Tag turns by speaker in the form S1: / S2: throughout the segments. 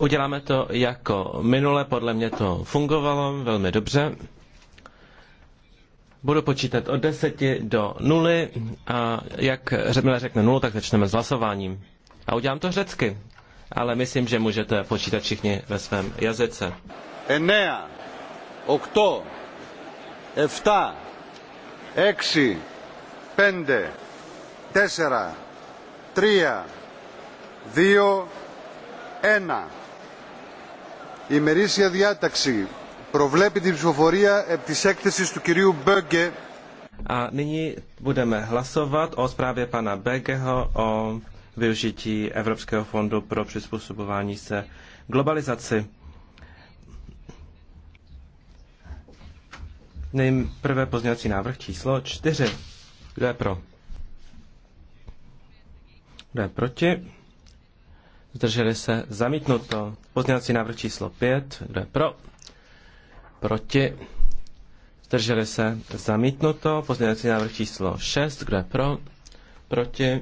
S1: Uděláme to jako minule, podle mě to fungovalo velmi dobře. Budu počítat od deseti do nuly a jak Mile řekne nulu, tak začneme s hlasováním. A udělám to řecky, ale myslím, že můžete počítat všichni ve svém jazyce. Enea, okto, efta, exi, pende,
S2: tesera, tria, 2.1. Η ημερήσια διάταξη προβλέπει την ψηφοφορία επί της έκθεσης του κυρίου Μπέγκε.
S1: A nyní budeme hlasovat o zprávě pana Begeho o využití Evropského fondu pro přizpůsobování se globalizaci. Nejprve pozměňovací návrh číslo 4. Kdo je pro? Kdo je proti? Zdrželi se zamítnuto. Pozměňovací návrh číslo 5. Kdo je pro? Proti? Zdrželi se zamítnuto. Pozměňovací návrh číslo 6. Kdo je pro? Proti?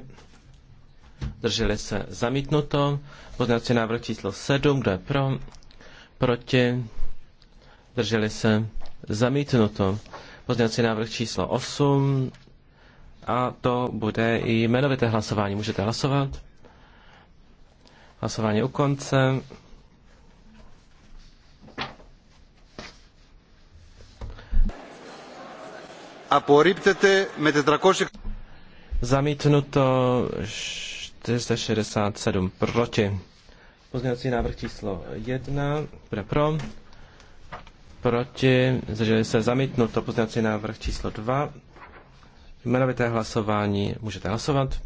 S1: Zdrželi se zamítnuto. Pozměňovací návrh číslo 7. Kdo je pro? Proti? Zdrželi se zamítnuto. Pozměňovací návrh číslo 8. A to bude i jmenovité hlasování. Můžete hlasovat. Hlasování u konce. A po Απορρίπτεται με 400... Zamítnuto 467 proti. Pozměňovací návrh číslo 1 bude pro. Proti, zdrželi se zamítnuto pozměňovací návrh číslo 2. Jmenovité hlasování můžete hlasovat.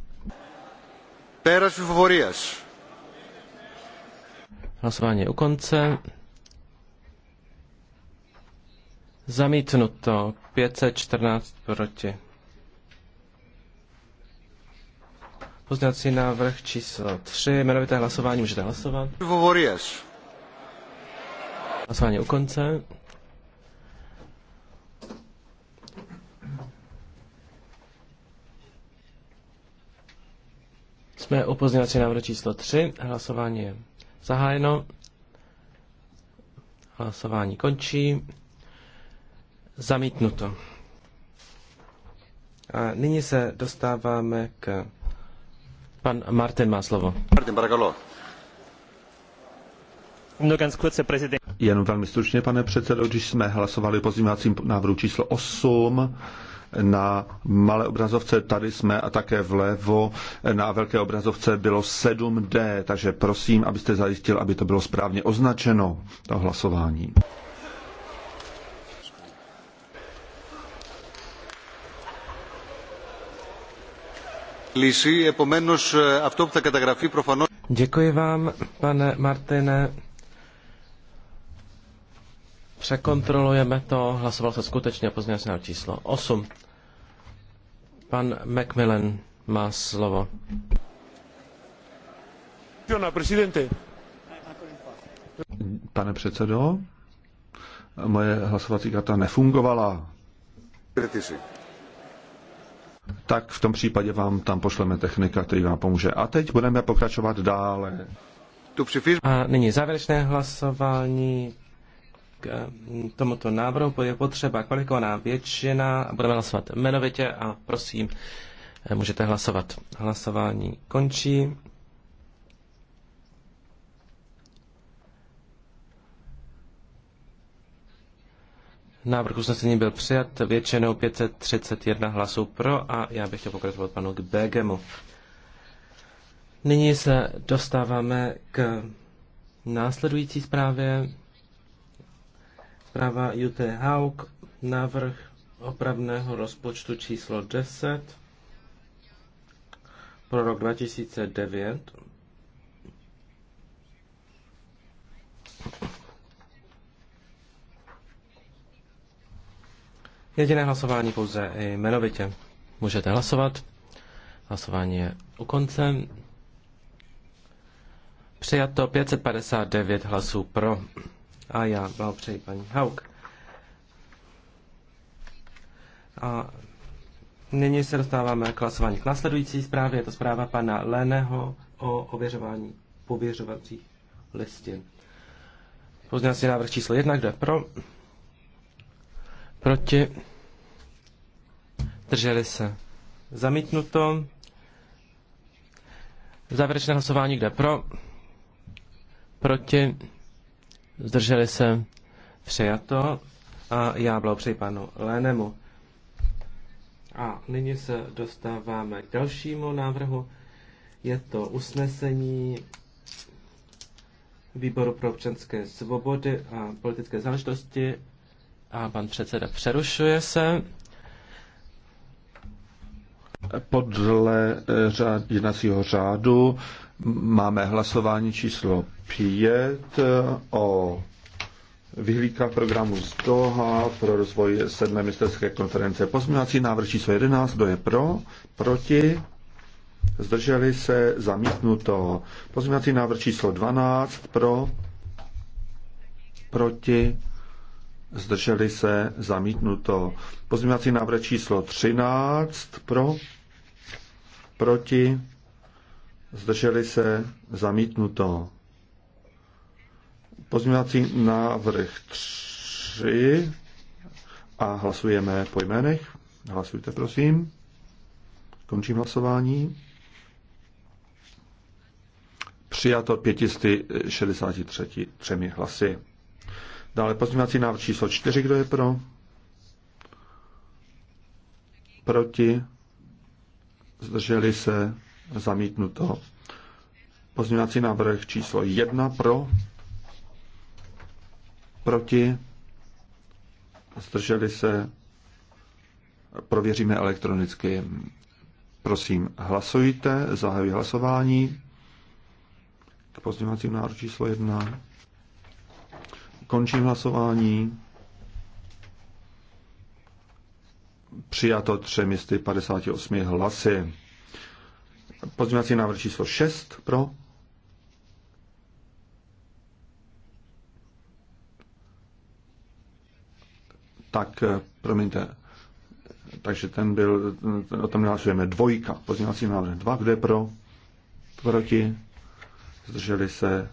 S2: Péras Fivovorias.
S1: Hlasování je u konce. Zamítnuto 514 proti. Poznací návrh číslo 3. Jmenovité hlasování můžete hlasovat. Vovorieš. Hlasování u konce. Jsme u pozměňovací návrh číslo 3. Hlasování je zahájeno. Hlasování končí. Zamítnuto. A nyní se dostáváme k... Pan Martin má slovo. Martin Baragalo. No,
S2: Jen velmi stručně, pane předsedo, když jsme hlasovali pozměňovacím návrhu číslo 8, na malé obrazovce tady jsme a také vlevo na velké obrazovce bylo 7D, takže prosím, abyste zajistil, aby to bylo správně označeno, to hlasování.
S1: Děkuji vám, pane Martine. Překontrolujeme to. Hlasoval se skutečně o pozměňovacím číslo 8. Pan Macmillan má slovo.
S2: Pane předsedo, moje hlasovací karta nefungovala. Tak v tom případě vám tam pošleme technika, který vám pomůže. A teď budeme pokračovat dále.
S1: A nyní závěrečné hlasování k mm, tomuto návrhu je potřeba kvalifikovaná většina. Budeme hlasovat jmenovitě a prosím, eh, můžete hlasovat. Hlasování končí. Návrh usnesení byl přijat většinou 531 hlasů pro a já bych chtěl pokračovat panu k Begemu. Nyní se dostáváme k následující zprávě. Zpráva UT Haug, návrh opravného rozpočtu číslo 10 pro rok 2009. Jediné hlasování pouze jmenovitě. Můžete hlasovat. Hlasování je u konce. Přijato 559 hlasů pro. A já blahopřeji paní Hauk. A nyní se dostáváme k hlasování k následující zprávě. Je to zpráva pana Leného o ověřování pověřovacích listin. si návrh číslo 1, kde pro? Proti? Drželi se. Zamítnuto. Závěrečné hlasování, kde pro? Proti? zdrželi se, přejato a já blahopřeji panu Lénemu. A nyní se dostáváme k dalšímu návrhu. Je to usnesení Výboru pro občanské svobody a politické záležitosti. A pan předseda přerušuje se.
S2: Podle eh, řád, jednacího řádu Máme hlasování číslo 5 eh, o vyhlídka programu z Doha pro rozvoj sedmé ministerské konference. Pozměňovací návrh číslo 11, kdo je pro, proti, zdrželi se, zamítnuto. Pozměňovací návrh číslo 12, pro, proti, zdrželi se, zamítnuto. Pozměňovací návrh číslo 13, pro, proti, zdrželi se, zamítnuto. Pozměňovací návrh 3 a hlasujeme po jménech. Hlasujte, prosím. Končím hlasování. Přijato 563 třemi hlasy. Dále pozměňovací návrh číslo 4, kdo je pro? Proti? Zdrželi se? zamítnuto. Pozměňovací návrh číslo 1 pro, proti, zdrželi se, prověříme elektronicky. Prosím, hlasujte, zahajuji hlasování k pozměňovacím návrhu číslo 1. Končím hlasování. Přijato 358 hlasy. Pozměňovací návrh číslo 6 pro. Tak, eh, promiňte, takže ten byl, ten, eh, o tom hlasujeme dvojka, pozměňovací návrh 2, kde pro, proti, zdrželi se,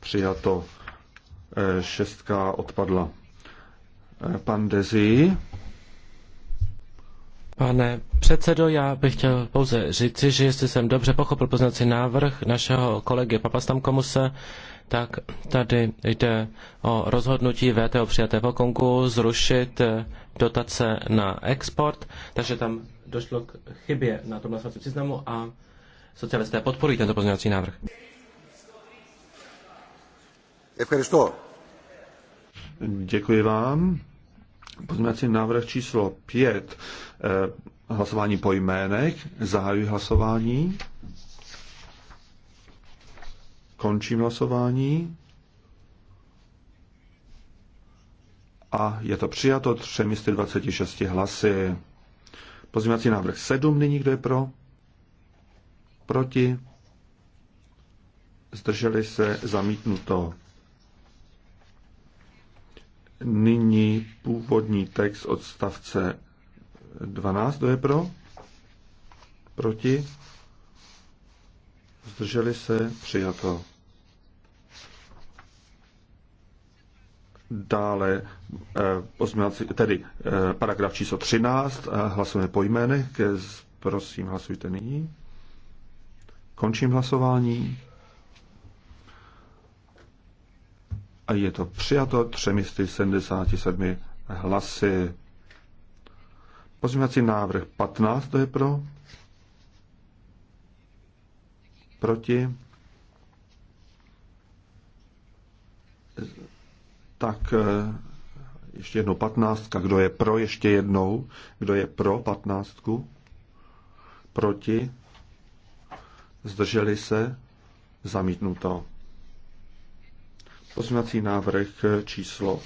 S2: přijato, eh, šestka odpadla. Pan Dezi,
S1: Pane předsedo, já bych chtěl pouze říci, že jestli jsem dobře pochopil poznací návrh našeho kolegy Papastamkomuse, tak tady jde o rozhodnutí VTO přijaté v Kongu zrušit eh, dotace na export, takže tam došlo k chybě na tom hlasovacím seznamu a socialisté podporují tento pozměňovací návrh. Děkuji vám.
S2: Pozměňovací návrh číslo 5. Eh, hlasování po jménech. Zahajuji hlasování. Končím hlasování. A je to přijato 326 hlasy. Pozměňovací návrh 7. Nyní kdo je pro? Proti? Zdrželi se zamítnuto nyní původní text odstavce 12. Kdo je pro? Proti? Zdrželi se? Přijato. Dále eh, tedy eh, paragraf číslo 13, eh, hlasujeme po jménech, prosím hlasujte nyní. Končím hlasování. A je to přijato 377 hlasy. Pozměňovací návrh 15, to je pro. Proti. Tak eh, ještě jednou 15. Kdo je pro ještě jednou? Kdo je pro 15? Proti? Zdrželi se? Zamítnuto. Poznací návrh číslo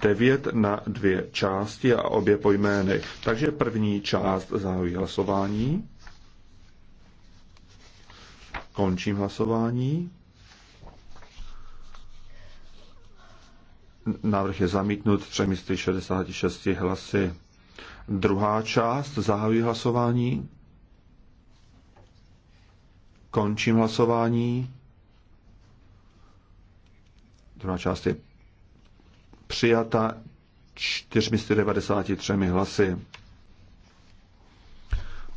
S2: 9 na dvě části a obě pojmény. Takže první část zahájí hlasování. Končím hlasování. Návrh je zamítnut 366 hlasy. Druhá část zahájí hlasování. Končím hlasování. Druhá část je přijata 493 hlasy.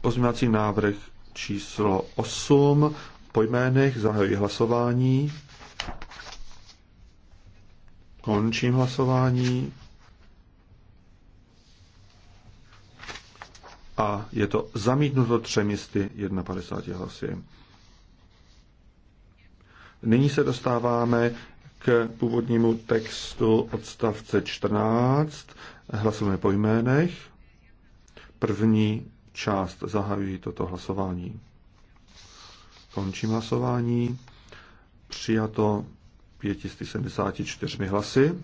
S2: Pozměňovací návrh číslo 8. Po jménech zahajuji hlasování. Končím hlasování. A je to zamítnuto třemi sty 51 hlasy. Nyní se dostáváme k původnímu textu odstavce 14. Hlasujeme po jménech. První část zahajují toto hlasování. Končím hlasování. Přijato 574 hlasy.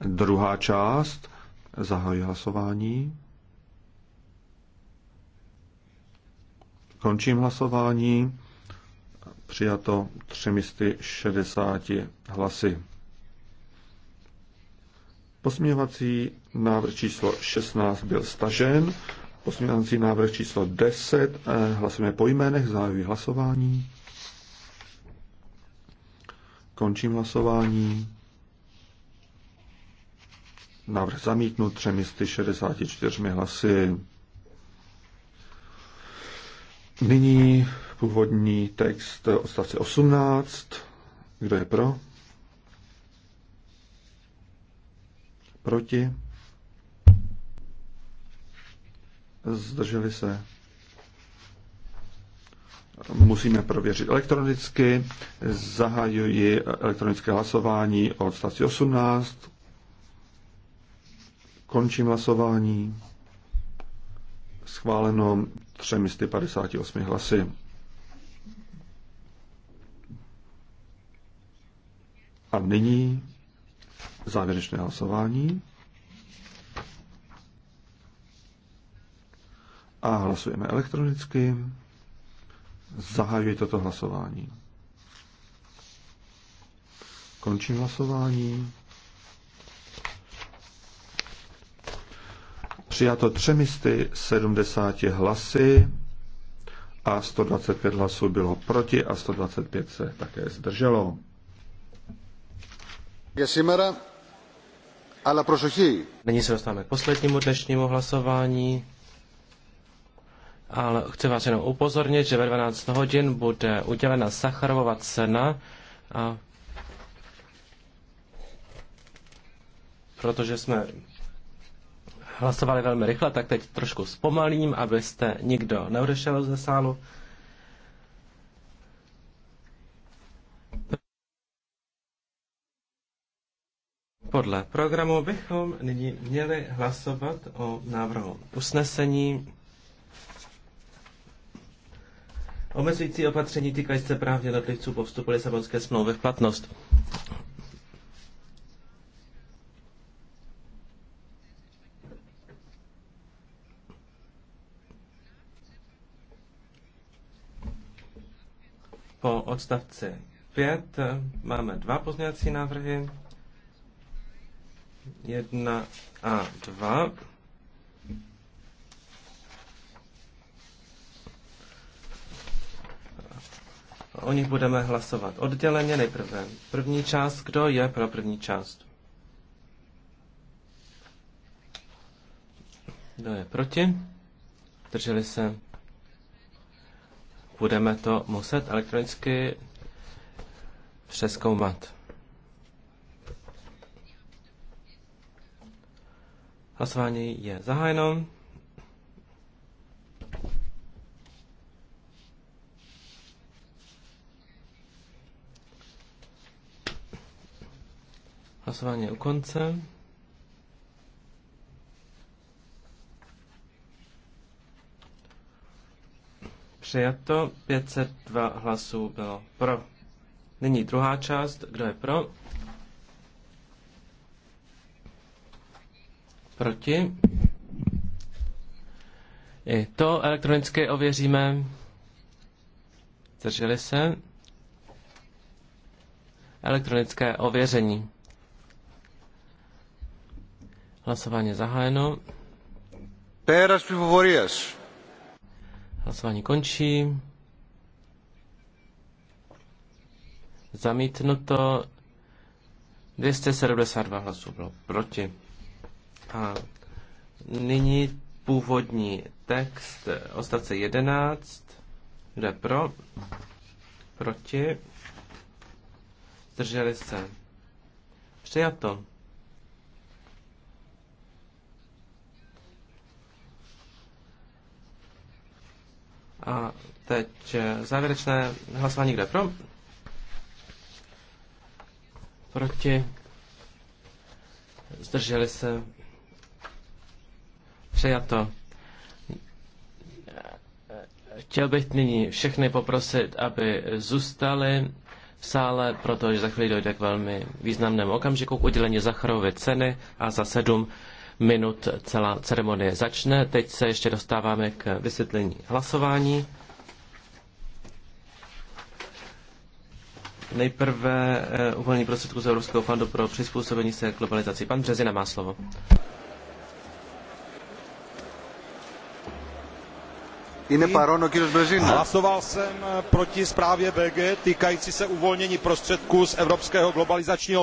S2: Druhá část. zahajuje hlasování. Končím hlasování přijato 360 hlasy. Posměvací návrh číslo 16 byl stažen. Posměvací návrh číslo 10 eh, hlasujeme po jménech, zahajuji hlasování. Končím hlasování. Návrh zamítnut 364 hlasy. Nyní původní text odstavce 18. Kdo je pro? Proti? Zdrželi se? Musíme prověřit elektronicky. Zahajuji elektronické hlasování o odstavci 18. Končím hlasování. Schváleno 358 hlasy. A nyní závěrečné hlasování. A hlasujeme elektronicky. Zahajuji toto hlasování. Končím hlasování. Přijato 70 hlasy a 125 hlasů bylo proti a 125 se také
S1: zdrželo. Nyní se dostáváme k poslednímu dnešnímu hlasování. Ale chci vás jenom upozornit, že ve 12 hodin bude udělena Sacharovova cena a protože jsme hlasovali velmi rychle, tak teď trošku zpomalím, abyste nikdo neodešel ze sálu. Podle programu bychom nyní měli hlasovat o návrhu usnesení omezující opatření týkající se právě jednotlivců po vstupu Lisabonské smlouvy v platnost. Po odstavci 5 máme dva pozměňovací návrhy. 1 a 2. O nich budeme hlasovat odděleně nejprve. První část, kdo je pro první část? Kdo je proti? Drželi se? Budeme to muset elektronicky přeskoumat. Hlasování je zahájeno. Hlasování je u konce. Přijato 502 hlasů bylo pro. Nyní druhá část. Kdo je pro? Proti? I to elektronicky ověříme. Zdrželi se. Elektronické ověření. Hlasování zahájeno. Péras pivovorias. Hlasování končí. Zamítnuto. 272 hlasů bylo proti. A nyní původní text odstavce 11, kde pro, proti, zdrželi se. Přijato. A teď eh, závěrečné hlasování, kde pro? Proti. Zdrželi se přijato. Chtěl bych nyní všechny poprosit, aby zůstali v sále, protože za chvíli dojde k velmi významnému okamžiku k udělení Zacharovy ceny a za sedm minut celá ceremonie začne. Teď se ještě dostáváme k vysvětlení hlasování. Nejprve eh, uvolnění prostředků z Evropského fondu pro přizpůsobení se globalizaci. Pan Březina má slovo.
S2: hlasoval jsem proti zprávě bge týkající se uvolnění prostředků z evropského globalizačního fondu.